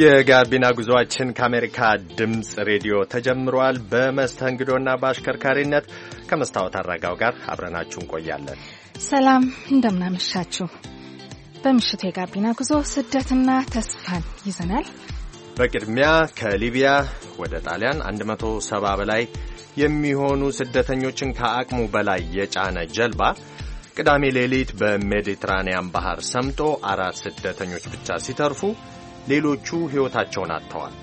የጋቢና ጉዞአችን ከአሜሪካ ድምፅ ሬዲዮ ተጀምሯል። በመስተንግዶና በአሽከርካሪነት ከመስታወት አረጋው ጋር አብረናችሁ እንቆያለን። ሰላም እንደምናመሻችሁ። በምሽቱ የጋቢና ጉዞ ስደትና ተስፋን ይዘናል። በቅድሚያ ከሊቢያ ወደ ጣሊያን 170 በላይ የሚሆኑ ስደተኞችን ከአቅሙ በላይ የጫነ ጀልባ ቅዳሜ ሌሊት በሜዲትራንያን ባህር ሰምጦ አራት ስደተኞች ብቻ ሲተርፉ ሌሎቹ ሕይወታቸውን አጥተዋል።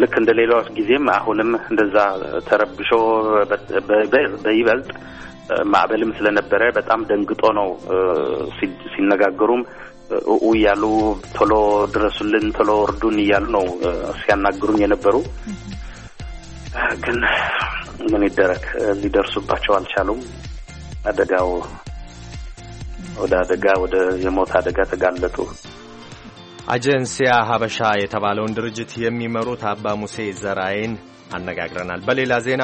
ልክ እንደ ሌላው ጊዜም አሁንም እንደዛ ተረብሾ በይበልጥ ማዕበልም ስለነበረ በጣም ደንግጦ ነው ሲነጋገሩም እኡ እያሉ ቶሎ ድረሱልን፣ ቶሎ እርዱን እያሉ ነው ሲያናግሩን የነበሩ። ግን ምን ይደረግ ሊደርሱባቸው አልቻሉም። አደጋው ወደ አደጋ ወደ የሞት አደጋ ተጋለጡ። አጀንሲያ ሀበሻ የተባለውን ድርጅት የሚመሩት አባ ሙሴ ዘራይን አነጋግረናል። በሌላ ዜና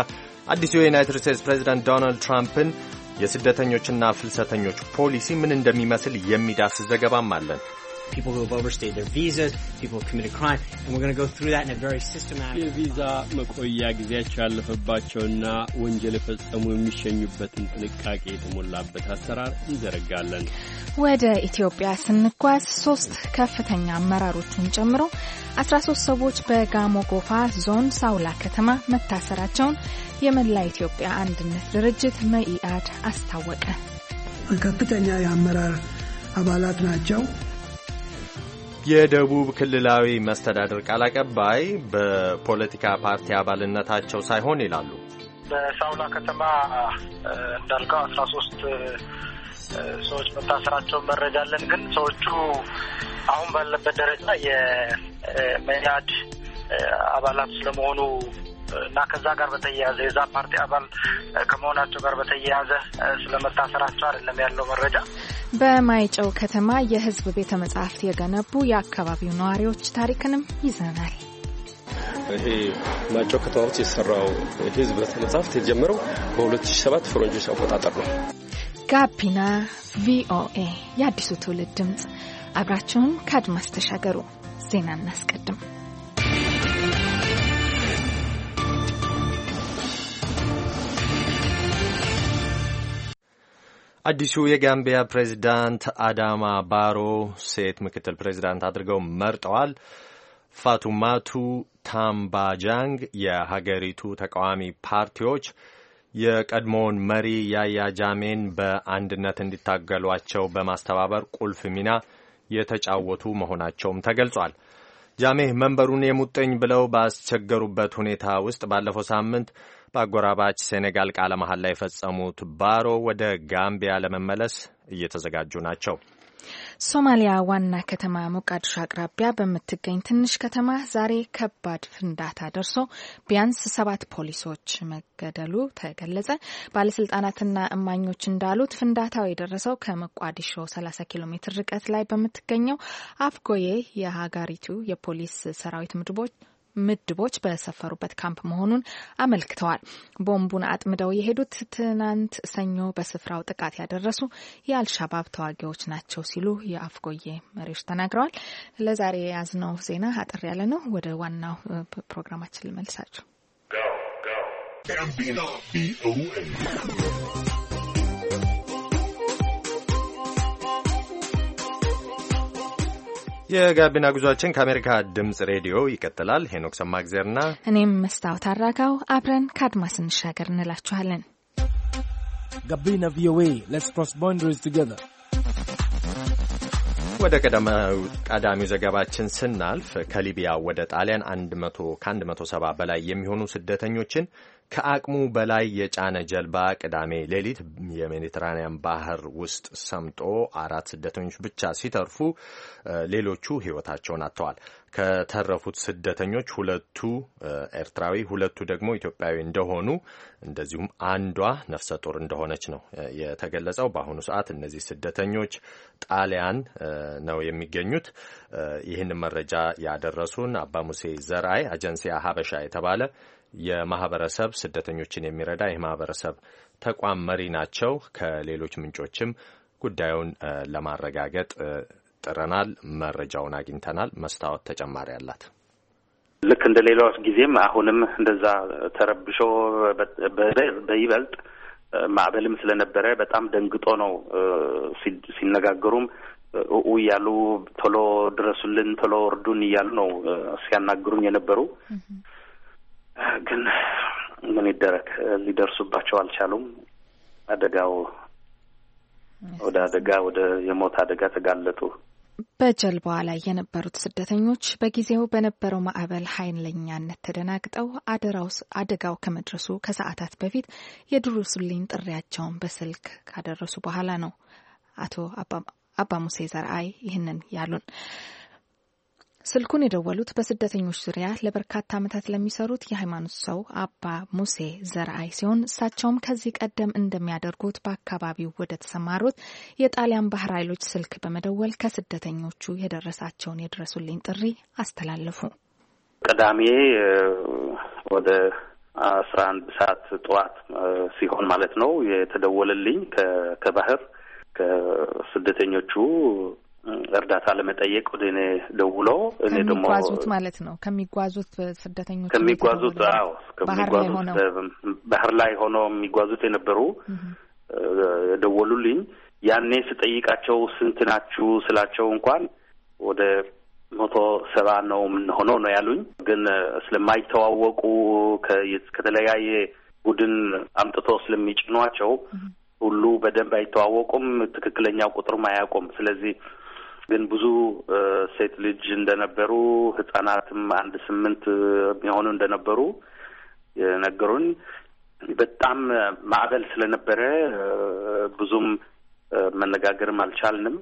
አዲሱ የዩናይትድ ስቴትስ ፕሬዚዳንት ዶናልድ ትራምፕን የስደተኞችና ፍልሰተኞች ፖሊሲ ምን እንደሚመስል የሚዳስስ ዘገባም አለን። people who have overstayed their visas, people who have committed crime, and we're going to go through that in a very systematic የቪዛ መቆያ ጊዜያቸው ያለፈባቸውና ወንጀል የፈጸሙ የሚሸኙበትን ጥንቃቄ የተሞላበት አሰራር እንዘረጋለን። ወደ ኢትዮጵያ ስንጓዝ ሶስት ከፍተኛ አመራሮችን ጨምሮ 13 ሰዎች በጋሞ ጎፋ ዞን ሳውላ ከተማ መታሰራቸውን የመላ ኢትዮጵያ አንድነት ድርጅት መኢአድ አስታወቀ። ከፍተኛ የአመራር አባላት ናቸው። የደቡብ ክልላዊ መስተዳድር ቃል አቀባይ በፖለቲካ ፓርቲ አባልነታቸው ሳይሆን ይላሉ። በሳውላ ከተማ እንዳልከው አስራ ሶስት ሰዎች መታሰራቸውን መረጃ አለን። ግን ሰዎቹ አሁን ባለበት ደረጃ የመያድ አባላት ስለመሆኑ እና ከዛ ጋር በተያያዘ የዛ ፓርቲ አባል ከመሆናቸው ጋር በተያያዘ ስለመታሰራቸው አይደለም ያለው መረጃ። በማይጨው ከተማ የህዝብ ቤተ መጻሕፍት የገነቡ የአካባቢው ነዋሪዎች ታሪክንም ይዘናል። ይሄ ማይጨው ከተማ ውስጥ የተሰራው ህዝብ ቤተ መጻሕፍት የተጀመረው በ2007 ፈረንጆች አቆጣጠር ነው። ጋቢና ቪኦኤ የአዲሱ ትውልድ ድምፅ፣ አብራችሁን ከአድማስ ተሻገሩ። ዜና እናስቀድም። አዲሱ የጋምቢያ ፕሬዚዳንት አዳማ ባሮ ሴት ምክትል ፕሬዚዳንት አድርገው መርጠዋል። ፋቱማቱ ታምባጃንግ የሀገሪቱ ተቃዋሚ ፓርቲዎች የቀድሞውን መሪ ያያ ጃሜን በአንድነት እንዲታገሏቸው በማስተባበር ቁልፍ ሚና የተጫወቱ መሆናቸውም ተገልጿል። ጃሜህ መንበሩን የሙጥኝ ብለው ባስቸገሩበት ሁኔታ ውስጥ ባለፈው ሳምንት በአጎራባች ሴኔጋል ቃለ ላይ የፈጸሙት ባሮ ወደ ጋምቢያ ለመመለስ እየተዘጋጁ ናቸው። ሶማሊያ ዋና ከተማ ሞቃዲሾ አቅራቢያ በምትገኝ ትንሽ ከተማ ዛሬ ከባድ ፍንዳታ ደርሶ ቢያንስ ሰባት ፖሊሶች መገደሉ ተገለጸ። ባለስልጣናትና እማኞች እንዳሉት ፍንዳታው የደረሰው ከሞቃዲሾ 30 ኪሎ ሜትር ርቀት ላይ በምትገኘው አፍጎዬ የሀገሪቱ የፖሊስ ሰራዊት ምድቦች ምድቦች በሰፈሩበት ካምፕ መሆኑን አመልክተዋል። ቦምቡን አጥምደው የሄዱት ትናንት ሰኞ በስፍራው ጥቃት ያደረሱ የአልሻባብ ተዋጊዎች ናቸው ሲሉ የአፍጎዬ መሪዎች ተናግረዋል። ለዛሬ የያዝነው ዜና አጠር ያለ ነው። ወደ ዋናው ፕሮግራማችን ልመልሳችሁ። የጋቢና ጉዟችን ከአሜሪካ ድምፅ ሬዲዮ ይቀጥላል። ሄኖክ ሰማእግዜርና እኔም መስታወት አራጋው አብረን ከአድማስ እንሻገር እንላችኋለን። ጋቢና ቪኦኤ ሌትስ ክሮስ ቦንደሪስ ቱጌዘር። ወደ ቀዳሚው ዘገባችን ስናልፍ ከሊቢያ ወደ ጣሊያን ከ170 በላይ የሚሆኑ ስደተኞችን ከአቅሙ በላይ የጫነ ጀልባ ቅዳሜ ሌሊት የሜዲትራንያን ባህር ውስጥ ሰምጦ አራት ስደተኞች ብቻ ሲተርፉ ሌሎቹ ሕይወታቸውን አጥተዋል። ከተረፉት ስደተኞች ሁለቱ ኤርትራዊ፣ ሁለቱ ደግሞ ኢትዮጵያዊ እንደሆኑ እንደዚሁም አንዷ ነፍሰ ጡር እንደሆነች ነው የተገለጸው። በአሁኑ ሰዓት እነዚህ ስደተኞች ጣሊያን ነው የሚገኙት። ይህንን መረጃ ያደረሱን አባሙሴ ዘርአይ አጀንሲያ ሀበሻ የተባለ የማህበረሰብ ስደተኞችን የሚረዳ የማህበረሰብ ተቋም መሪ ናቸው። ከሌሎች ምንጮችም ጉዳዩን ለማረጋገጥ ጥረናል። መረጃውን አግኝተናል። መስታወት ተጨማሪ አላት። ልክ እንደ ሌላው ጊዜም አሁንም እንደዛ ተረብሾ በይበልጥ ማዕበልም ስለነበረ በጣም ደንግጦ ነው ሲነጋገሩም እኡ እያሉ ቶሎ ድረሱልን፣ ቶሎ እርዱን እያሉ ነው ሲያናግሩኝ የነበሩ ግን ምን ይደረግ፣ ሊደርሱባቸው አልቻሉም። አደጋው ወደ አደጋ ወደ የሞት አደጋ ተጋለጡ። በጀልባዋ ላይ የነበሩት ስደተኞች በጊዜው በነበረው ማዕበል ኃይለኛነት ተደናግጠው አደጋው ከመድረሱ ከሰዓታት በፊት የድረሱልኝ ጥሪያቸውን በስልክ ካደረሱ በኋላ ነው አቶ አባ ሙሴ ዘርአይ ይህንን ያሉን። ስልኩን የደወሉት በስደተኞች ዙሪያ ለበርካታ ዓመታት ለሚሰሩት የሃይማኖት ሰው አባ ሙሴ ዘርአይ ሲሆን እሳቸውም ከዚህ ቀደም እንደሚያደርጉት በአካባቢው ወደ ተሰማሩት የጣሊያን ባህር ኃይሎች ስልክ በመደወል ከስደተኞቹ የደረሳቸውን የድረሱልኝ ጥሪ አስተላለፉ። ቅዳሜ ወደ አስራ አንድ ሰዓት ጠዋት ሲሆን ማለት ነው የተደወለልኝ ከባህር ከስደተኞቹ እርዳታ ለመጠየቅ ወደ እኔ ደውሎ እኔ ደግሞ ከሚጓዙት ማለት ነው ከሚጓዙት ስደተኞች ከሚጓዙት አዎ ከሚጓዙት ባህር ላይ ሆኖ የሚጓዙት የነበሩ ደወሉልኝ። ያኔ ስጠይቃቸው ስንት ናችሁ ስላቸው እንኳን ወደ መቶ ሰባ ነው የምንሆነው ነው ያሉኝ። ግን ስለማይተዋወቁ ከተለያየ ቡድን አምጥቶ ስለሚጭኗቸው ሁሉ በደንብ አይተዋወቁም። ትክክለኛው ቁጥርም አያውቁም። ስለዚህ ግን ብዙ ሴት ልጅ እንደነበሩ ህጻናትም አንድ ስምንት የሚሆኑ እንደነበሩ የነገሩን። በጣም ማዕበል ስለነበረ ብዙም መነጋገርም አልቻልንም።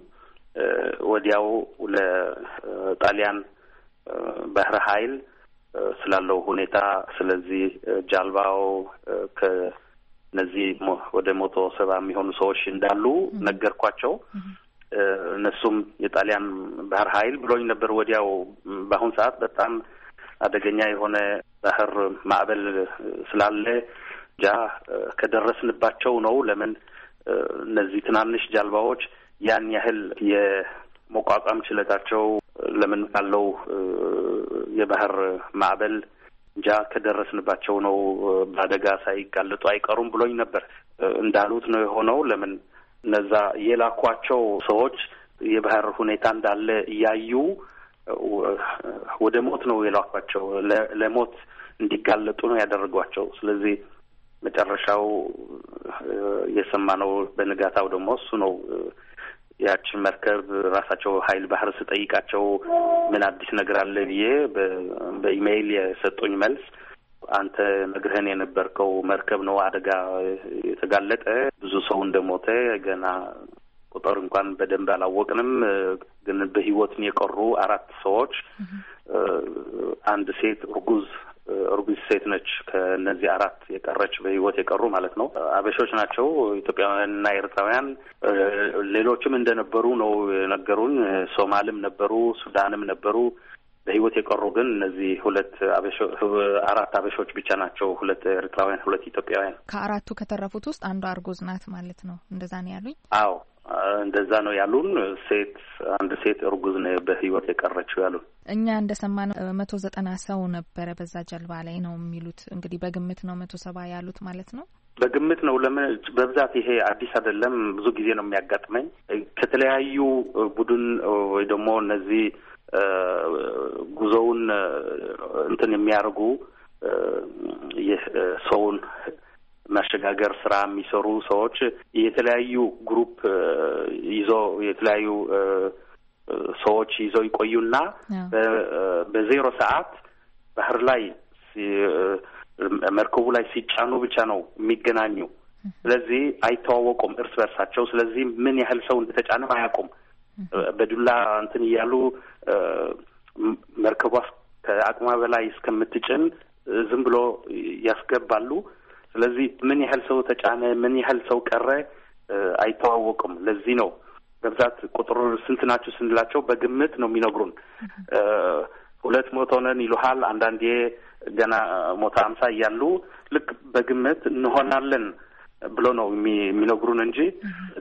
ወዲያው ለጣሊያን ባህረ ኃይል ስላለው ሁኔታ ስለዚህ ጃልባው ከነዚህ ወደ መቶ ሰባ የሚሆኑ ሰዎች እንዳሉ ነገርኳቸው። እነሱም የጣሊያን ባህር ኃይል ብሎኝ ነበር ወዲያው። በአሁን ሰዓት በጣም አደገኛ የሆነ ባህር ማዕበል ስላለ ጃ ከደረስንባቸው ነው። ለምን እነዚህ ትናንሽ ጀልባዎች ያን ያህል የመቋቋም ችለታቸው ለምን ካለው የባህር ማዕበል እንጃ ከደረስንባቸው ነው። በአደጋ ሳይጋለጡ አይቀሩም ብሎኝ ነበር። እንዳሉት ነው የሆነው። ለምን እነዛ የላኳቸው ሰዎች የባህር ሁኔታ እንዳለ እያዩ ወደ ሞት ነው የላኳቸው። ለሞት እንዲጋለጡ ነው ያደረጓቸው። ስለዚህ መጨረሻው የሰማነው በንጋታው ደግሞ እሱ ነው። ያችን መርከብ ራሳቸው ኃይል ባህር ስጠይቃቸው ምን አዲስ ነገር አለ ብዬ በኢሜይል የሰጡኝ መልስ አንተ ነግረህን የነበርከው መርከብ ነው አደጋ የተጋለጠ ብዙ ሰው እንደሞተ ገና ቁጥር እንኳን በደንብ አላወቅንም፣ ግን በህይወትን የቀሩ አራት ሰዎች አንድ ሴት እርጉዝ እርጉዝ ሴት ነች። ከእነዚህ አራት የቀረች በህይወት የቀሩ ማለት ነው አበሾች ናቸው ኢትዮጵያውያንና ኤርትራውያን። ሌሎችም እንደነበሩ ነው የነገሩን። ሶማልም ነበሩ፣ ሱዳንም ነበሩ። በህይወት የቀሩ ግን እነዚህ ሁለት አራት አበሾች ብቻ ናቸው። ሁለት ኤርትራውያን፣ ሁለት ኢትዮጵያውያን። ከአራቱ ከተረፉት ውስጥ አንዷ አርጎዝ ናት ማለት ነው። እንደዛ ነው ያሉኝ። አዎ እንደዛ ነው ያሉን። ሴት አንድ ሴት እርጉዝ ነው በህይወት የቀረችው ያሉን። እኛ እንደ ሰማነው መቶ ዘጠና ሰው ነበረ በዛ ጀልባ ላይ ነው የሚሉት። እንግዲህ በግምት ነው መቶ ሰባ ያሉት ማለት ነው። በግምት ነው። ለምን በብዛት ይሄ አዲስ አይደለም። ብዙ ጊዜ ነው የሚያጋጥመኝ ከተለያዩ ቡድን ወይ ደግሞ እነዚህ ጉዞውን እንትን የሚያደርጉ ሰውን ማሸጋገር ስራ የሚሰሩ ሰዎች የተለያዩ ግሩፕ ይዞ የተለያዩ ሰዎች ይዘው ይቆዩና በዜሮ ሰዓት ባህር ላይ መርከቡ ላይ ሲጫኑ ብቻ ነው የሚገናኙ። ስለዚህ አይተዋወቁም እርስ በርሳቸው። ስለዚህ ምን ያህል ሰው እንደተጫነም አያውቁም። በዱላ እንትን እያሉ መርከቧ ከአቅሟ በላይ እስከምትጭን ዝም ብሎ ያስገባሉ። ስለዚህ ምን ያህል ሰው ተጫነ፣ ምን ያህል ሰው ቀረ አይተዋወቅም ለዚህ ነው በብዛት ቁጥር ስንት ናችሁ ስንላቸው በግምት ነው የሚነግሩን። ሁለት ሞቶ ነን ይሉሃል። አንዳንዴ ገና ሞታ አምሳ እያሉ ልክ በግምት እንሆናለን ብሎ ነው የሚነግሩን እንጂ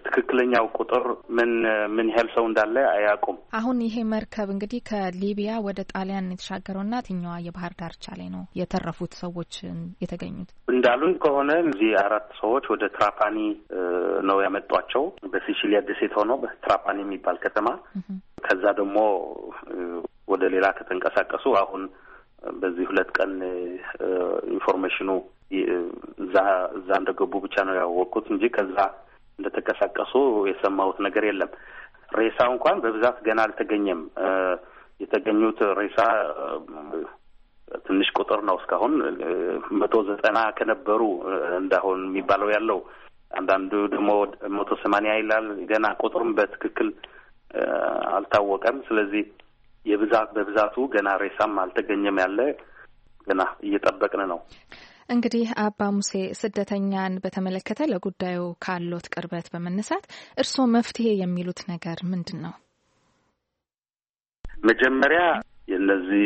ትክክለኛው ቁጥር ምን ምን ያህል ሰው እንዳለ አያውቁም። አሁን ይሄ መርከብ እንግዲህ ከሊቢያ ወደ ጣሊያን የተሻገረውና የትኛዋ የባህር ዳርቻ ላይ ነው የተረፉት ሰዎች የተገኙት? እንዳሉን ከሆነ እዚህ አራት ሰዎች ወደ ትራፓኒ ነው ያመጧቸው በሲሲሊ ደሴት ሆኖ በትራፓኒ የሚባል ከተማ ከዛ ደግሞ ወደ ሌላ ከተንቀሳቀሱ አሁን በዚህ ሁለት ቀን ኢንፎርሜሽኑ እዛ እንደገቡ ብቻ ነው ያወቅኩት እንጂ ከዛ እንደተቀሳቀሱ የሰማሁት ነገር የለም። ሬሳው እንኳን በብዛት ገና አልተገኘም። የተገኙት ሬሳ ትንሽ ቁጥር ነው። እስካሁን መቶ ዘጠና ከነበሩ እንዳሁን የሚባለው ያለው አንዳንዱ ደግሞ መቶ ሰማንያ ይላል። ገና ቁጥሩም በትክክል አልታወቀም። ስለዚህ የብዛት በብዛቱ ገና ሬሳም አልተገኘም ያለ ገና እየጠበቅን ነው። እንግዲህ አባ ሙሴ ስደተኛን በተመለከተ ለጉዳዩ ካሎት ቅርበት በመነሳት እርስዎ መፍትሄ የሚሉት ነገር ምንድን ነው? መጀመሪያ የነዚህ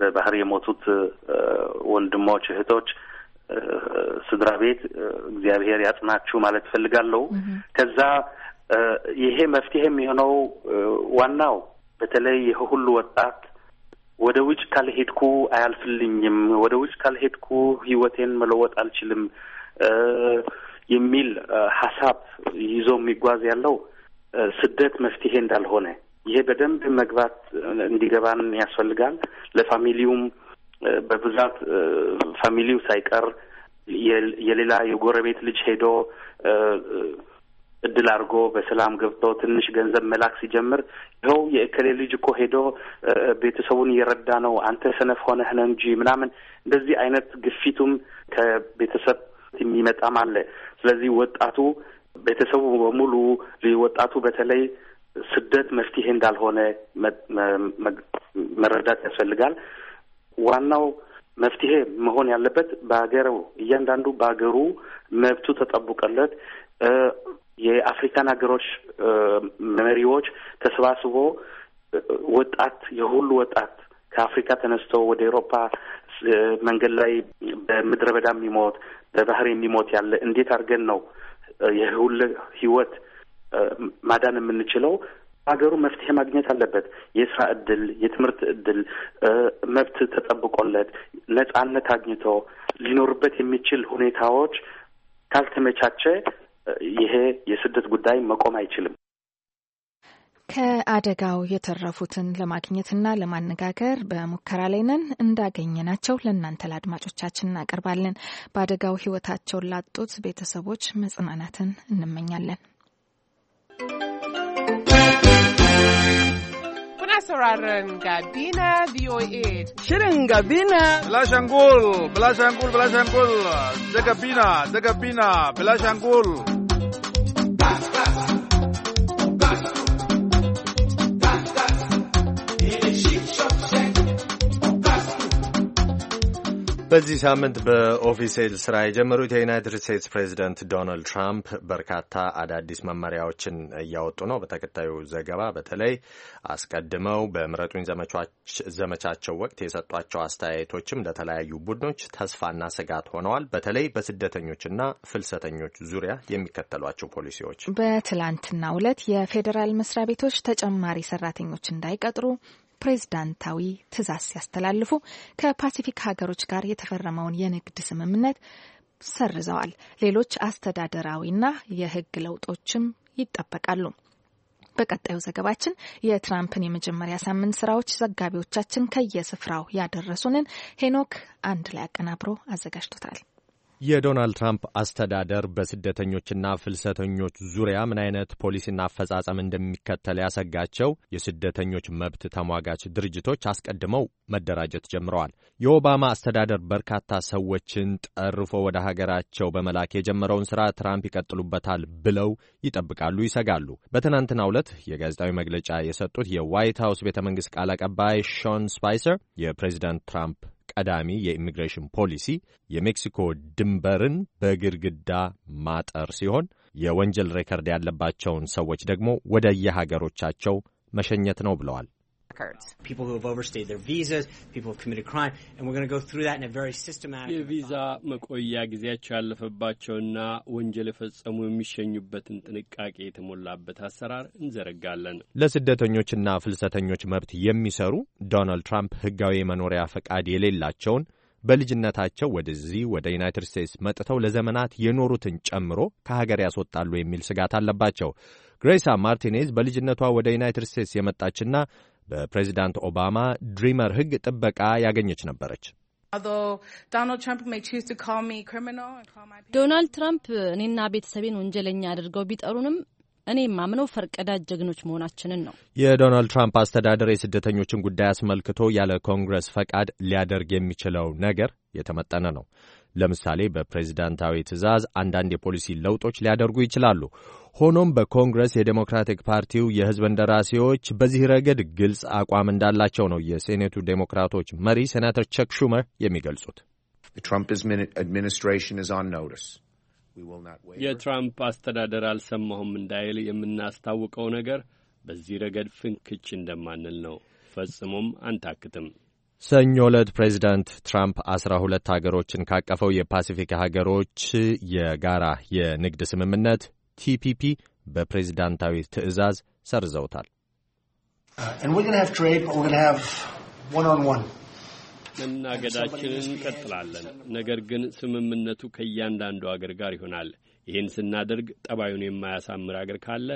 በባህር የሞቱት ወንድሞች እህቶች ስድራ ቤት እግዚአብሔር ያጽናችሁ ማለት እፈልጋለሁ። ከዛ ይሄ መፍትሄ የሚሆነው ዋናው በተለይ የሁሉ ወጣት ወደ ውጭ ካልሄድኩ አያልፍልኝም፣ ወደ ውጭ ካልሄድኩ ህይወቴን መለወጥ አልችልም የሚል ሀሳብ ይዞ የሚጓዝ ያለው ስደት መፍትሄ እንዳልሆነ ይሄ በደንብ መግባት እንዲገባን ያስፈልጋል። ለፋሚሊውም በብዛት ፋሚሊው ሳይቀር የሌላ የጎረቤት ልጅ ሄዶ እድል አድርጎ በሰላም ገብቶ ትንሽ ገንዘብ መላክ ሲጀምር ይኸው የእከሌ ልጅ እኮ ሄዶ ቤተሰቡን እየረዳ ነው፣ አንተ ሰነፍ ሆነህ ነው እንጂ ምናምን እንደዚህ አይነት ግፊቱም ከቤተሰብ የሚመጣም አለ። ስለዚህ ወጣቱ ቤተሰቡ በሙሉ ወጣቱ በተለይ ስደት መፍትሄ እንዳልሆነ መረዳት ያስፈልጋል። ዋናው መፍትሄ መሆን ያለበት በሀገሩ እያንዳንዱ በሀገሩ መብቱ ተጠብቀለት። የአፍሪካን ሀገሮች መሪዎች ተሰባስቦ ወጣት የሁሉ ወጣት ከአፍሪካ ተነስቶ ወደ ኤሮፓ መንገድ ላይ በምድረ በዳ የሚሞት በባህር የሚሞት ያለ እንዴት አድርገን ነው የሁሉ ህይወት ማዳን የምንችለው? ሀገሩ መፍትሄ ማግኘት አለበት። የስራ እድል፣ የትምህርት እድል፣ መብት ተጠብቆለት ነጻነት አግኝቶ ሊኖርበት የሚችል ሁኔታዎች ካልተመቻቸ ይሄ የስደት ጉዳይ መቆም አይችልም። ከአደጋው የተረፉትን ለማግኘትና ለማነጋገር በሙከራ ላይ ነን። እንዳገኘናቸው ለእናንተ ለአድማጮቻችን እናቀርባለን። በአደጋው ሕይወታቸውን ላጡት ቤተሰቦች መጽናናትን እንመኛለን። sauraron Gabina VOA. Shirin Gabina. back. በዚህ ሳምንት በኦፊሴል ስራ የጀመሩት የዩናይትድ ስቴትስ ፕሬዚደንት ዶናልድ ትራምፕ በርካታ አዳዲስ መመሪያዎችን እያወጡ ነው። በተከታዩ ዘገባ በተለይ አስቀድመው በምረጡኝ ዘመቻቸው ወቅት የሰጧቸው አስተያየቶችም ለተለያዩ ቡድኖች ተስፋና ስጋት ሆነዋል። በተለይ በስደተኞችና ፍልሰተኞች ዙሪያ የሚከተሏቸው ፖሊሲዎች በትላንትናው ዕለት የፌዴራል መስሪያ ቤቶች ተጨማሪ ሰራተኞች እንዳይቀጥሩ ፕሬዝዳንታዊ ትዕዛዝ ሲያስተላልፉ ከፓሲፊክ ሀገሮች ጋር የተፈረመውን የንግድ ስምምነት ሰርዘዋል። ሌሎች አስተዳደራዊና የሕግ ለውጦችም ይጠበቃሉ። በቀጣዩ ዘገባችን የትራምፕን የመጀመሪያ ሳምንት ስራዎች ዘጋቢዎቻችን ከየስፍራው ያደረሱንን ሄኖክ አንድ ላይ አቀናብሮ አዘጋጅቶታል። የዶናልድ ትራምፕ አስተዳደር በስደተኞችና ፍልሰተኞች ዙሪያ ምን አይነት ፖሊሲና አፈጻጸም እንደሚከተል ያሰጋቸው የስደተኞች መብት ተሟጋች ድርጅቶች አስቀድመው መደራጀት ጀምረዋል። የኦባማ አስተዳደር በርካታ ሰዎችን ጠርፎ ወደ ሀገራቸው በመላክ የጀመረውን ስራ ትራምፕ ይቀጥሉበታል ብለው ይጠብቃሉ፣ ይሰጋሉ። በትናንትናው ዕለት የጋዜጣዊ መግለጫ የሰጡት የዋይት ሀውስ ቤተ መንግስት ቃል አቀባይ ሾን ስፓይሰር የፕሬዚዳንት ትራምፕ ቀዳሚ የኢሚግሬሽን ፖሊሲ የሜክሲኮ ድንበርን በግድግዳ ማጠር ሲሆን የወንጀል ሬከርድ ያለባቸውን ሰዎች ደግሞ ወደየሀገሮቻቸው መሸኘት ነው ብለዋል። የቪዛ መቆያ ጊዜያቸው ያለፈባቸውና ወንጀል የፈጸሙ የሚሸኙበትን ጥንቃቄ የተሞላበት አሰራር እንዘረጋለን። ለስደተኞችና ፍልሰተኞች መብት የሚሰሩ ዶናልድ ትራምፕ ህጋዊ የመኖሪያ ፈቃድ የሌላቸውን በልጅነታቸው ወደዚህ ወደ ዩናይትድ ስቴትስ መጥተው ለዘመናት የኖሩትን ጨምሮ ከሀገር ያስወጣሉ የሚል ስጋት አለባቸው። ግሬሳ ማርቲኔዝ በልጅነቷ ወደ ዩናይትድ ስቴትስ የመጣችና በፕሬዚዳንት ኦባማ ድሪመር ሕግ ጥበቃ ያገኘች ነበረች። ዶናልድ ትራምፕ እኔና ቤተሰቤን ወንጀለኛ አድርገው ቢጠሩንም እኔ የማምነው ፈርቀዳጅ ጀግኖች መሆናችንን ነው። የዶናልድ ትራምፕ አስተዳደር የስደተኞችን ጉዳይ አስመልክቶ ያለ ኮንግረስ ፈቃድ ሊያደርግ የሚችለው ነገር የተመጠነ ነው። ለምሳሌ በፕሬዝዳንታዊ ትዕዛዝ አንዳንድ የፖሊሲ ለውጦች ሊያደርጉ ይችላሉ። ሆኖም በኮንግረስ የዴሞክራቲክ ፓርቲው የሕዝብ እንደራሴዎች በዚህ ረገድ ግልጽ አቋም እንዳላቸው ነው የሴኔቱ ዴሞክራቶች መሪ ሴናተር ቸክ ሹመር የሚገልጹት። የትራምፕ አስተዳደር አልሰማሁም እንዳይል የምናስታውቀው ነገር በዚህ ረገድ ፍንክች እንደማንል ነው። ፈጽሞም አንታክትም። ሰኞ ዕለት ፕሬዚዳንት ትራምፕ አስራ ሁለት ሀገሮችን ካቀፈው የፓሲፊክ ሀገሮች የጋራ የንግድ ስምምነት ቲፒፒ በፕሬዚዳንታዊ ትዕዛዝ ሰርዘውታል። መናገዳችንን እንቀጥላለን፣ ነገር ግን ስምምነቱ ከእያንዳንዱ አገር ጋር ይሆናል። ይህን ስናደርግ ጠባዩን የማያሳምር አገር ካለ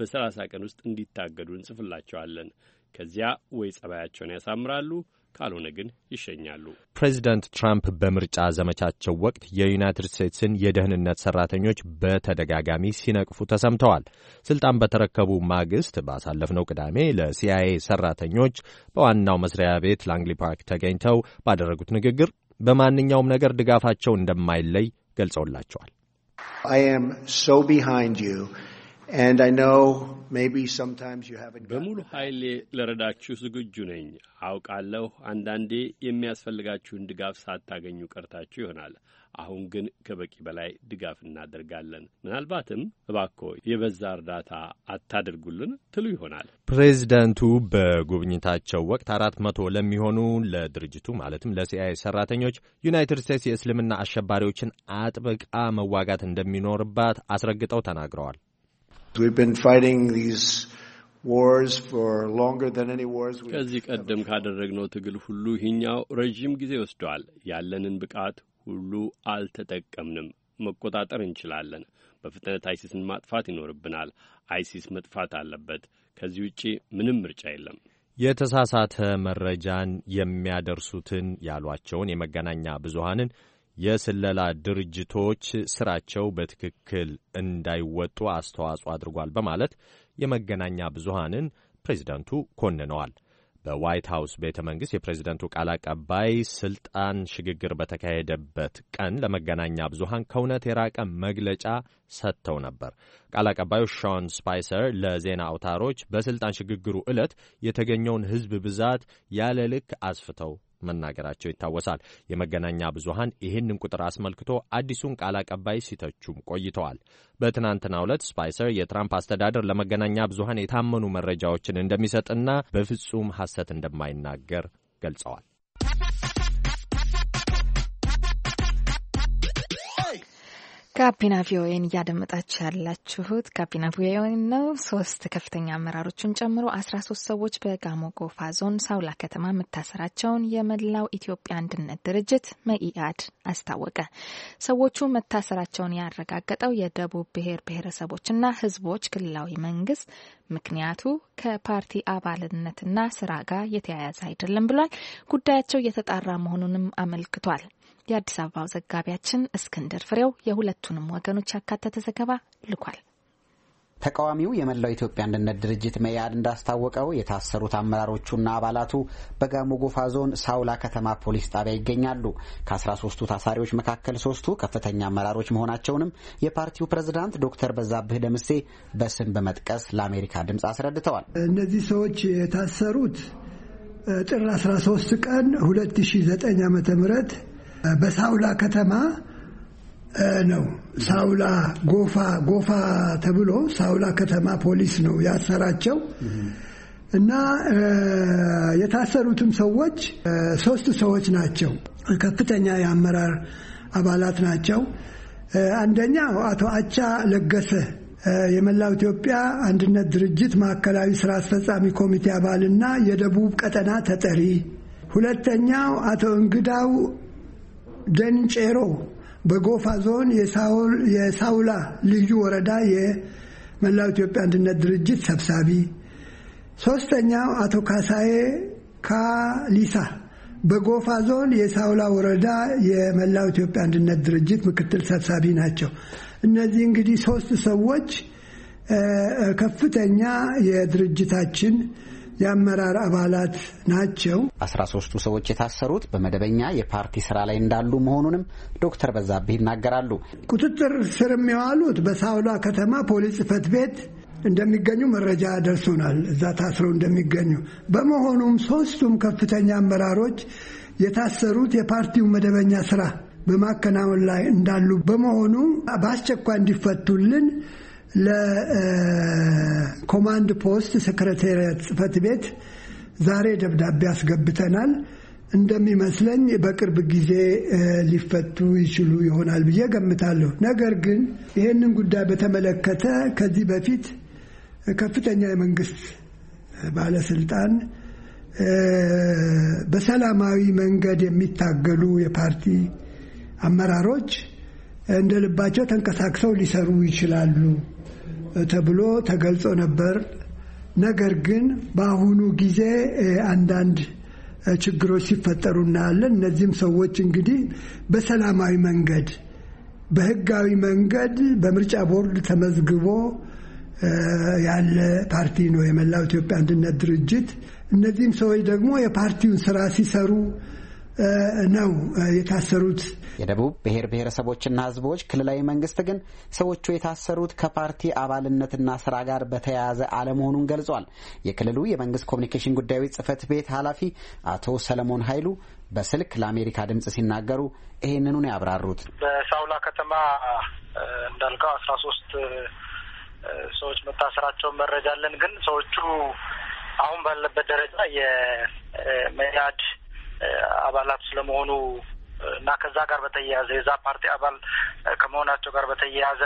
በሰላሳ ቀን ውስጥ እንዲታገዱ እንጽፍላቸዋለን። ከዚያ ወይ ጸባያቸውን ያሳምራሉ ካልሆነ ግን ይሸኛሉ። ፕሬዚደንት ትራምፕ በምርጫ ዘመቻቸው ወቅት የዩናይትድ ስቴትስን የደህንነት ሰራተኞች በተደጋጋሚ ሲነቅፉ ተሰምተዋል። ስልጣን በተረከቡ ማግስት ባሳለፍነው ቅዳሜ ለሲአይኤ ሰራተኞች በዋናው መስሪያ ቤት ላንግሊ ፓርክ ተገኝተው ባደረጉት ንግግር በማንኛውም ነገር ድጋፋቸው እንደማይለይ ገልጸውላቸዋል። I በሙሉ ኃይሌ ለረዳችሁ ዝግጁ ነኝ። አውቃለሁ አንዳንዴ የሚያስፈልጋችሁን ድጋፍ ሳታገኙ ቀርታችሁ ይሆናል። አሁን ግን ከበቂ በላይ ድጋፍ እናደርጋለን። ምናልባትም እባክዎ የበዛ እርዳታ አታደርጉልን ትሉ ይሆናል። ፕሬዚዳንቱ በጉብኝታቸው ወቅት አራት መቶ ለሚሆኑ ለድርጅቱ ማለትም ለሲአይኤ ሰራተኞች ዩናይትድ ስቴትስ የእስልምና አሸባሪዎችን አጥብቃ መዋጋት እንደሚኖርባት አስረግጠው ተናግረዋል። ከዚህ ቀደም ካደረግነው ትግል ሁሉ ይህኛው ረዥም ጊዜ ወስደዋል። ያለንን ብቃት ሁሉ አልተጠቀምንም። መቆጣጠር እንችላለን። በፍጥነት አይሲስን ማጥፋት ይኖርብናል። አይሲስ መጥፋት አለበት። ከዚህ ውጪ ምንም ምርጫ የለም። የተሳሳተ መረጃን የሚያደርሱትን ያሏቸውን የመገናኛ ብዙሃንን የስለላ ድርጅቶች ስራቸው በትክክል እንዳይወጡ አስተዋጽኦ አድርጓል በማለት የመገናኛ ብዙሃንን ፕሬዚደንቱ ኮንነዋል። በዋይት ሀውስ ቤተ መንግሥት የፕሬዚደንቱ ቃል አቀባይ ስልጣን ሽግግር በተካሄደበት ቀን ለመገናኛ ብዙሃን ከእውነት የራቀ መግለጫ ሰጥተው ነበር። ቃል አቀባዩ ሾን ስፓይሰር ለዜና አውታሮች በስልጣን ሽግግሩ ዕለት የተገኘውን ሕዝብ ብዛት ያለ ልክ አስፍተው መናገራቸው ይታወሳል። የመገናኛ ብዙሃን ይህንን ቁጥር አስመልክቶ አዲሱን ቃል አቀባይ ሲተቹም ቆይተዋል። በትናንትናው ዕለት ስፓይሰር የትራምፕ አስተዳደር ለመገናኛ ብዙሃን የታመኑ መረጃዎችን እንደሚሰጥና በፍጹም ሐሰት እንደማይናገር ገልጸዋል። ጋቢና ቪኦኤን እያደመጣችሁ ያላችሁት ጋቢና ቪኦኤን ነው። ሶስት ከፍተኛ አመራሮችን ጨምሮ አስራ ሶስት ሰዎች በጋሞ ጎፋ ዞን ሳውላ ከተማ መታሰራቸውን የመላው ኢትዮጵያ አንድነት ድርጅት መኢአድ አስታወቀ። ሰዎቹ መታሰራቸውን ያረጋገጠው የደቡብ ብሔር ብሔረሰቦችና ሕዝቦች ክልላዊ መንግስት ምክንያቱ ከፓርቲ አባልነትና ስራ ጋር የተያያዘ አይደለም ብሏል። ጉዳያቸው እየተጣራ መሆኑንም አመልክቷል። የአዲስ አበባው ዘጋቢያችን እስክንድር ፍሬው የሁለቱንም ወገኖች ያካተተ ዘገባ ልኳል። ተቃዋሚው የመላው ኢትዮጵያ አንድነት ድርጅት መኢአድ እንዳስታወቀው የታሰሩት አመራሮቹና አባላቱ በጋሞ ጎፋ ዞን ሳውላ ከተማ ፖሊስ ጣቢያ ይገኛሉ። ከ13ቱ ታሳሪዎች መካከል ሶስቱ ከፍተኛ አመራሮች መሆናቸውንም የፓርቲው ፕሬዝዳንት ዶክተር በዛብህ ደምሴ በስም በመጥቀስ ለአሜሪካ ድምፅ አስረድተዋል። እነዚህ ሰዎች የታሰሩት ጥር 13 ቀን 2009 ዓ.ም በሳውላ ከተማ ነው። ሳውላ ጎፋ ጎፋ ተብሎ ሳውላ ከተማ ፖሊስ ነው ያሰራቸው እና የታሰሩትም ሰዎች ሶስት ሰዎች ናቸው። ከፍተኛ የአመራር አባላት ናቸው። አንደኛው አቶ አቻ ለገሰ የመላው ኢትዮጵያ አንድነት ድርጅት ማዕከላዊ ስራ አስፈጻሚ ኮሚቴ አባልና የደቡብ ቀጠና ተጠሪ። ሁለተኛው አቶ እንግዳው ደንጨሮ በጎፋ ዞን የሳውላ ልዩ ወረዳ የመላው ኢትዮጵያ አንድነት ድርጅት ሰብሳቢ፣ ሶስተኛው አቶ ካሳዬ ካሊሳ በጎፋ ዞን የሳውላ ወረዳ የመላው ኢትዮጵያ አንድነት ድርጅት ምክትል ሰብሳቢ ናቸው። እነዚህ እንግዲህ ሶስት ሰዎች ከፍተኛ የድርጅታችን የአመራር አባላት ናቸው። አስራ ሶስቱ ሰዎች የታሰሩት በመደበኛ የፓርቲ ስራ ላይ እንዳሉ መሆኑንም ዶክተር በዛብህ ይናገራሉ። ቁጥጥር ስር የሚዋሉት በሳውላ ከተማ ፖሊስ ጽፈት ቤት እንደሚገኙ መረጃ ደርሶናል። እዛ ታስረው እንደሚገኙ በመሆኑም ሶስቱም ከፍተኛ አመራሮች የታሰሩት የፓርቲው መደበኛ ስራ በማከናወን ላይ እንዳሉ በመሆኑ በአስቸኳይ እንዲፈቱልን ለኮማንድ ፖስት ሰክረታሪያት ጽህፈት ቤት ዛሬ ደብዳቤ አስገብተናል። እንደሚመስለኝ በቅርብ ጊዜ ሊፈቱ ይችሉ ይሆናል ብዬ ገምታለሁ። ነገር ግን ይህንን ጉዳይ በተመለከተ ከዚህ በፊት ከፍተኛ የመንግስት ባለስልጣን በሰላማዊ መንገድ የሚታገሉ የፓርቲ አመራሮች እንደ ልባቸው ተንቀሳቅሰው ሊሰሩ ይችላሉ ተብሎ ተገልጾ ነበር። ነገር ግን በአሁኑ ጊዜ አንዳንድ ችግሮች ሲፈጠሩ እናያለን። እነዚህም ሰዎች እንግዲህ በሰላማዊ መንገድ በህጋዊ መንገድ በምርጫ ቦርድ ተመዝግቦ ያለ ፓርቲ ነው የመላው ኢትዮጵያ አንድነት ድርጅት። እነዚህም ሰዎች ደግሞ የፓርቲውን ስራ ሲሰሩ ነው የታሰሩት። የደቡብ ብሔር ብሔረሰቦችና ህዝቦች ክልላዊ መንግስት ግን ሰዎቹ የታሰሩት ከፓርቲ አባልነትና ስራ ጋር በተያያዘ አለመሆኑን ገልጿል። የክልሉ የመንግስት ኮሚኒኬሽን ጉዳዮች ጽህፈት ቤት ኃላፊ አቶ ሰለሞን ኃይሉ በስልክ ለአሜሪካ ድምጽ ሲናገሩ ይህንኑ ነው ያብራሩት። በሳውላ ከተማ እንዳልከው አስራ ሶስት ሰዎች መታሰራቸውን መረጃ ግን ሰዎቹ አሁን ባለበት ደረጃ የመያድ አባላት ስለመሆኑ እና ከዛ ጋር በተያያዘ የዛ ፓርቲ አባል ከመሆናቸው ጋር በተያያዘ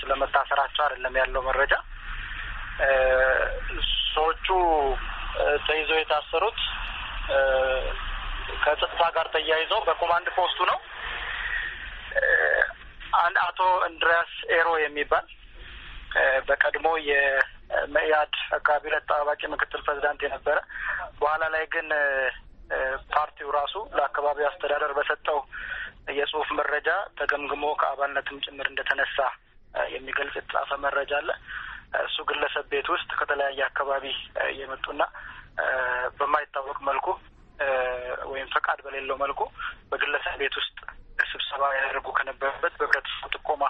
ስለመታሰራቸው አይደለም ያለው መረጃ። ሰዎቹ ተይዘው የታሰሩት ከጸጥታ ጋር ተያይዘው በኮማንድ ፖስቱ ነው። አንድ አቶ እንድሪያስ ኤሮ የሚባል በቀድሞ የመኢአድ አካባቢ ሁለት ምክትል ፕሬዚዳንት የነበረ በኋላ ላይ ግን ፓርቲው ራሱ ለአካባቢው አስተዳደር በሰጠው የጽሁፍ መረጃ ተገምግሞ ከአባልነትም ጭምር እንደተነሳ የሚገልጽ የተጻፈ መረጃ አለ። እሱ ግለሰብ ቤት ውስጥ ከተለያየ አካባቢ የመጡና በማይታወቅ መልኩ ወይም ፈቃድ በሌለው መልኩ በግለሰብ ቤት ውስጥ ስብሰባ ያደርጉ ከነበረበት በህብረተሰቡ ጥቆማ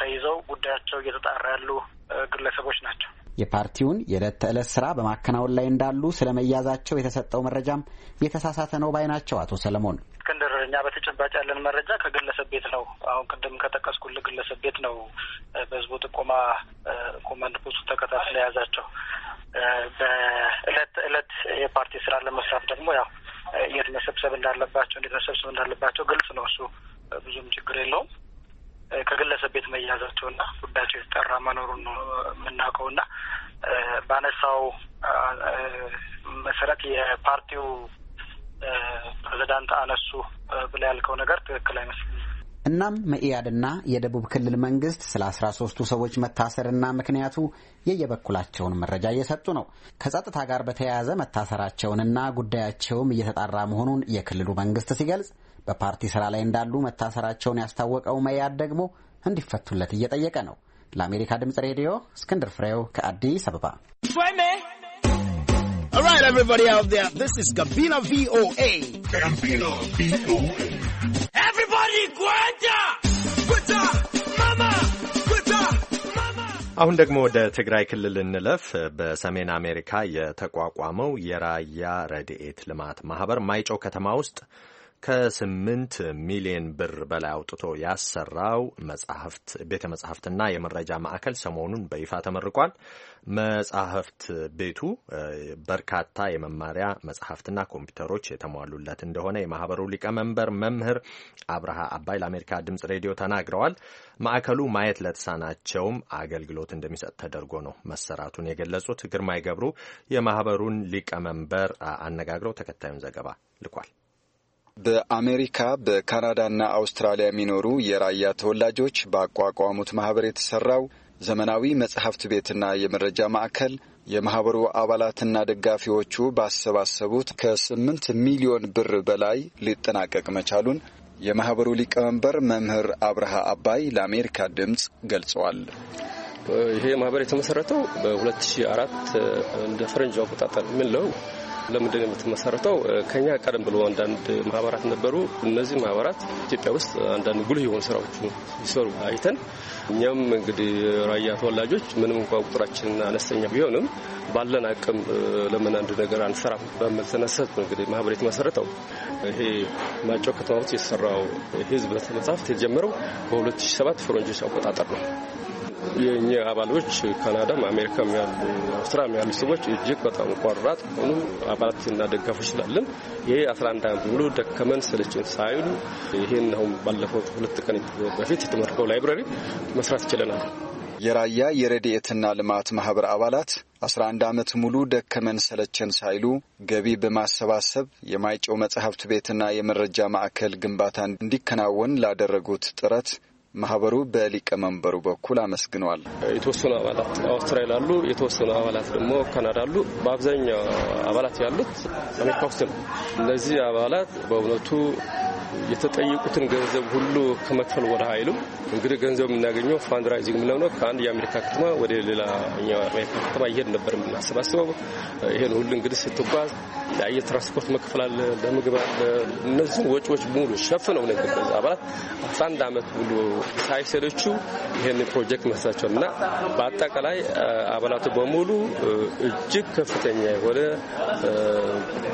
ተይዘው ጉዳያቸው እየተጣራ ያሉ ግለሰቦች ናቸው። የፓርቲውን የዕለት ተዕለት ስራ በማከናወን ላይ እንዳሉ ስለመያዛቸው የተሰጠው መረጃም የተሳሳተ ነው ባይ ናቸው አቶ ሰለሞን። እስክንድር፣ እኛ በተጨባጭ ያለን መረጃ ከግለሰብ ቤት ነው። አሁን ቅድም ከጠቀስኩልህ ግለሰብ ቤት ነው በህዝቡ ጥቆማ ኮማንድ ፖስቱ ተከታትለ የያዛቸው። በእለት ተዕለት የፓርቲ ስራ ለመስራት ደግሞ ያው የት መሰብሰብ እንዳለባቸው እንዴት መሰብሰብ እንዳለባቸው ግልጽ ነው። እሱ ብዙም ችግር የለውም። ከግለሰብ ቤት መያዛቸውና ጉዳያቸው የተጠራ መኖሩን ነው የምናውቀው እና ባነሳው መሰረት የፓርቲው ፕሬዚዳንት አነሱ ብላ ያልከው ነገር ትክክል አይመስልም። እናም መኢአድና የደቡብ ክልል መንግስት ስለ አስራ ሶስቱ ሰዎች መታሰርና ምክንያቱ የየበኩላቸውን መረጃ እየሰጡ ነው። ከጸጥታ ጋር በተያያዘ መታሰራቸውንና ጉዳያቸውም እየተጣራ መሆኑን የክልሉ መንግስት ሲገልጽ በፓርቲ ስራ ላይ እንዳሉ መታሰራቸውን ያስታወቀው መያድ ደግሞ እንዲፈቱለት እየጠየቀ ነው። ለአሜሪካ ድምፅ ሬዲዮ እስክንድር ፍሬው ከአዲስ አበባ። አሁን ደግሞ ወደ ትግራይ ክልል እንለፍ። በሰሜን አሜሪካ የተቋቋመው የራያ ረድኤት ልማት ማህበር ማይጨው ከተማ ውስጥ ከስምንት ሚሊዮን ብር በላይ አውጥቶ ያሰራው መጽሐፍት ቤተ መጽሐፍትና የመረጃ ማዕከል ሰሞኑን በይፋ ተመርቋል። መጽሐፍት ቤቱ በርካታ የመማሪያ መጽሐፍትና ኮምፒውተሮች የተሟሉለት እንደሆነ የማህበሩ ሊቀመንበር መምህር አብርሃ አባይ ለአሜሪካ ድምጽ ሬዲዮ ተናግረዋል። ማዕከሉ ማየት ለተሳናቸውም አገልግሎት እንደሚሰጥ ተደርጎ ነው መሰራቱን የገለጹት። ግርማይ ገብሩ የማህበሩን ሊቀመንበር አነጋግረው ተከታዩን ዘገባ ልኳል። በአሜሪካ በካናዳና አውስትራሊያ የሚኖሩ የራያ ተወላጆች ባቋቋሙት ማህበር የተሰራው ዘመናዊ መጽሐፍት ቤትና የመረጃ ማዕከል የማህበሩ አባላትና ደጋፊዎቹ ባሰባሰቡት ከስምንት ሚሊዮን ብር በላይ ሊጠናቀቅ መቻሉን የማህበሩ ሊቀመንበር መምህር አብርሃ አባይ ለአሜሪካ ድምፅ ገልጸዋል። ይሄ ማህበር የተመሰረተው በ2004 እንደ ፈረንጅ አቆጣጠር የምንለው ለምንድን ነው የምትመሰረተው? ከኛ ቀደም ብሎ አንዳንድ ማህበራት ነበሩ። እነዚህ ማህበራት ኢትዮጵያ ውስጥ አንዳንድ ጉልህ የሆኑ ስራዎች ሲሰሩ አይተን እኛም እንግዲህ ራያ ተወላጆች ምንም እንኳ ቁጥራችን አነስተኛ ቢሆንም ባለን አቅም ለምን አንድ ነገር አንሰራም በመተነሰት እንግዲህ ማህበር የተመሰረተው። ይሄ ማይጨው ከተማ ውስጥ የተሰራው ህዝብ መጽሐፍት የተጀመረው በ2007 ፈረንጆች አቆጣጠር ነው። የእኛ አባሎች ካናዳም አሜሪካም ያሉ አውስትራሊያም ያሉ ሰዎች እጅግ በጣም ቆራጥ ሆኑ እና ደጋፎች ስላለን ይህ 11 ዓመት ሙሉ ደከመን ሰለችን ሳይሉ ይህን አሁን ባለፈው ሁለት ቀን በፊት የተመረቀው ላይብራሪ መስራት ይችለናል። የራያ የረድኤትና ልማት ማህበር አባላት 11 ዓመት ሙሉ ደከመን ሰለቸን ሳይሉ ገቢ በማሰባሰብ የማይጨው መጽሐፍት ቤትና የመረጃ ማዕከል ግንባታ እንዲከናወን ላደረጉት ጥረት ማህበሩ በሊቀመንበሩ በኩል አመስግነዋል። የተወሰኑ አባላት አውስትራሊያ አሉ፣ የተወሰኑ አባላት ደግሞ ካናዳ አሉ። በአብዛኛው አባላት ያሉት አሜሪካ ውስጥ ነው። እነዚህ አባላት በእውነቱ የተጠየቁትን ገንዘብ ሁሉ ከመክፈል ወደ ሀይሉም እንግዲህ ገንዘብ የምናገኘው ፋንድራይዚንግ ምለው ነው። ከአንድ የአሜሪካ ከተማ ወደ ሌላ የአሜሪካ ከተማ እየሄድ ነበር የምናሰባስበው። ይህን ሁሉ እንግዲህ ስትጓዝ የአየር ትራንስፖርት መክፈል አለ፣ ለምግብ አለ። እነዚህን ወጪዎች ሙሉ ሸፍነው ነገር ገዛ አባላት አስራ አንድ አመት ሙሉ ሳይሰለችው ይህን ፕሮጀክት መስራቸዋል እና በአጠቃላይ አባላቱ በሙሉ እጅግ ከፍተኛ የሆነ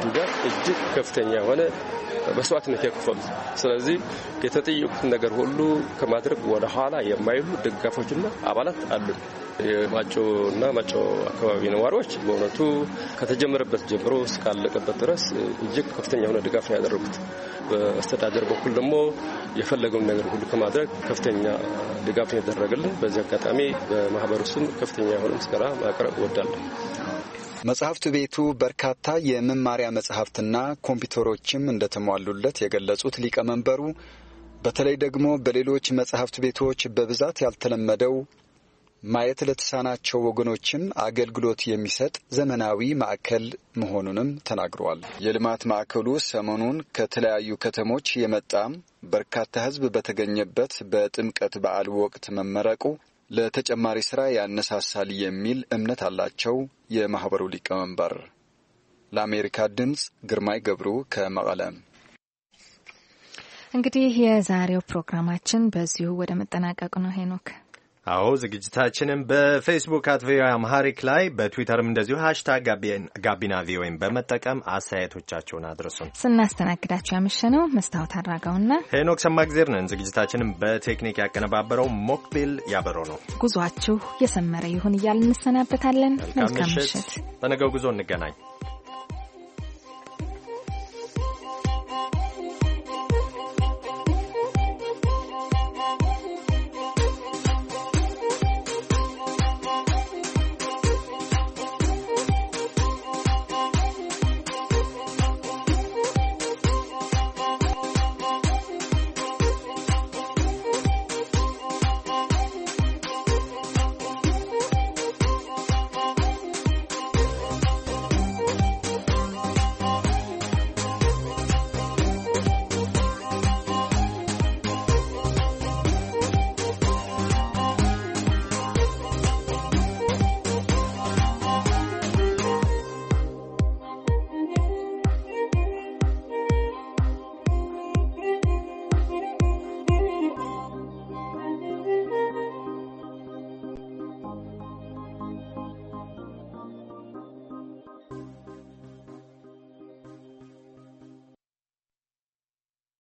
ድጋፍ እጅግ ከፍተኛ የሆነ መስዋዕትነት የከፈሉት ስለዚህ የተጠየቁት ነገር ሁሉ ከማድረግ ወደ ኋላ የማይሉ ደጋፎችና አባላት አሉ። የማጮና ማጮ አካባቢ ነዋሪዎች በእውነቱ ከተጀመረበት ጀምሮ እስካለቀበት ድረስ እጅግ ከፍተኛ የሆነ ድጋፍ ነው ያደረጉት። በአስተዳደር በኩል ደግሞ የፈለገውን ነገር ሁሉ ከማድረግ ከፍተኛ ድጋፍ ነው ያደረገልን። በዚህ አጋጣሚ በማህበሩ ስም ከፍተኛ የሆነ ምስጋና ማቅረብ እወዳለሁ። መጽሐፍት ቤቱ በርካታ የመማሪያ መጽሐፍትና ኮምፒውተሮችም እንደተሟሉለት የገለጹት ሊቀመንበሩ በተለይ ደግሞ በሌሎች መጽሐፍት ቤቶች በብዛት ያልተለመደው ማየት ለተሳናቸው ወገኖችም አገልግሎት የሚሰጥ ዘመናዊ ማዕከል መሆኑንም ተናግረዋል። የልማት ማዕከሉ ሰሞኑን ከተለያዩ ከተሞች የመጣም በርካታ ሕዝብ በተገኘበት በጥምቀት በዓል ወቅት መመረቁ ለተጨማሪ ስራ ያነሳሳል የሚል እምነት አላቸው የማህበሩ ሊቀመንበር። ለአሜሪካ ድምጽ ግርማይ ገብሩ ከመቀለ። እንግዲህ የዛሬው ፕሮግራማችን በዚሁ ወደ መጠናቀቁ ነው ሄኖክ አዎ ዝግጅታችንን በፌስቡክ አት ቪኦኤ አምሃሪክ ላይ በትዊተርም እንደዚሁ ሀሽታግ ጋቢና ቪኦኤን በመጠቀም አስተያየቶቻቸውን አድርሱን። ስናስተናግዳቸው ያመሸነው መስታወት አድራጋውና ሄኖክ ሰማግዜር ነን። ዝግጅታችንን በቴክኒክ ያቀነባበረው ሞክቢል ያበረው ነው። ጉዟችሁ የሰመረ ይሁን እያል እንሰናበታለን። መልካም ምሽት። በነገው ጉዞ እንገናኝ።